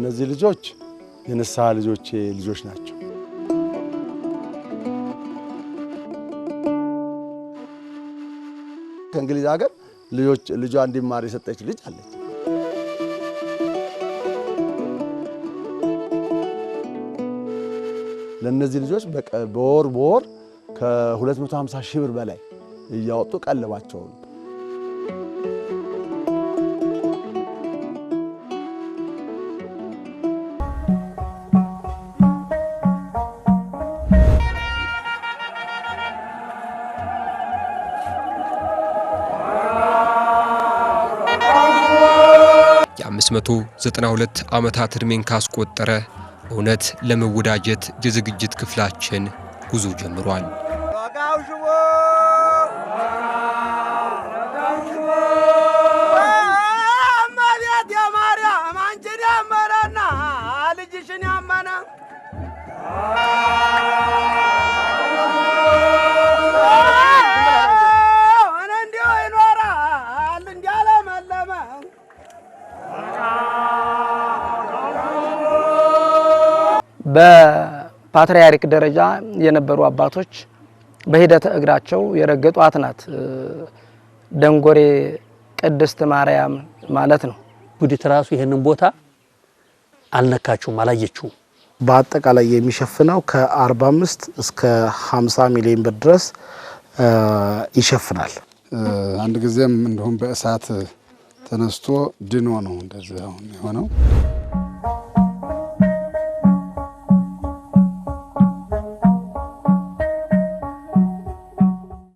እነዚህ ልጆች የንስሐ ልጆቼ ልጆች ናቸው። ከእንግሊዝ ሀገር ልጆች ልጇ እንዲማር የሰጠች ልጅ አለች። ለእነዚህ ልጆች በወር በወር ከ250 ሺህ ብር በላይ እያወጡ ቀለባቸውን 592 ዓመታት ዕድሜን ካስቆጠረ እውነት ለመወዳጀት የዝግጅት ክፍላችን ጉዞ ጀምሯል። የማርያም አንቺን ያመነና ልጅሽን ያመነ በፓትርያርክ ደረጃ የነበሩ አባቶች በሂደተ እግራቸው የረገጧት ናት ደንጎሬ ቅድስት ማርያም ማለት ነው። ጉዲት ራሱ ይህንን ቦታ አልነካችሁም፣ አላየችሁም። በአጠቃላይ የሚሸፍነው ከ45 እስከ 50 ሚሊዮን ብር ድረስ ይሸፍናል። አንድ ጊዜም እንዲሁም በእሳት ተነስቶ ድኖ ነው እንደዚህ አሁን የሆነው።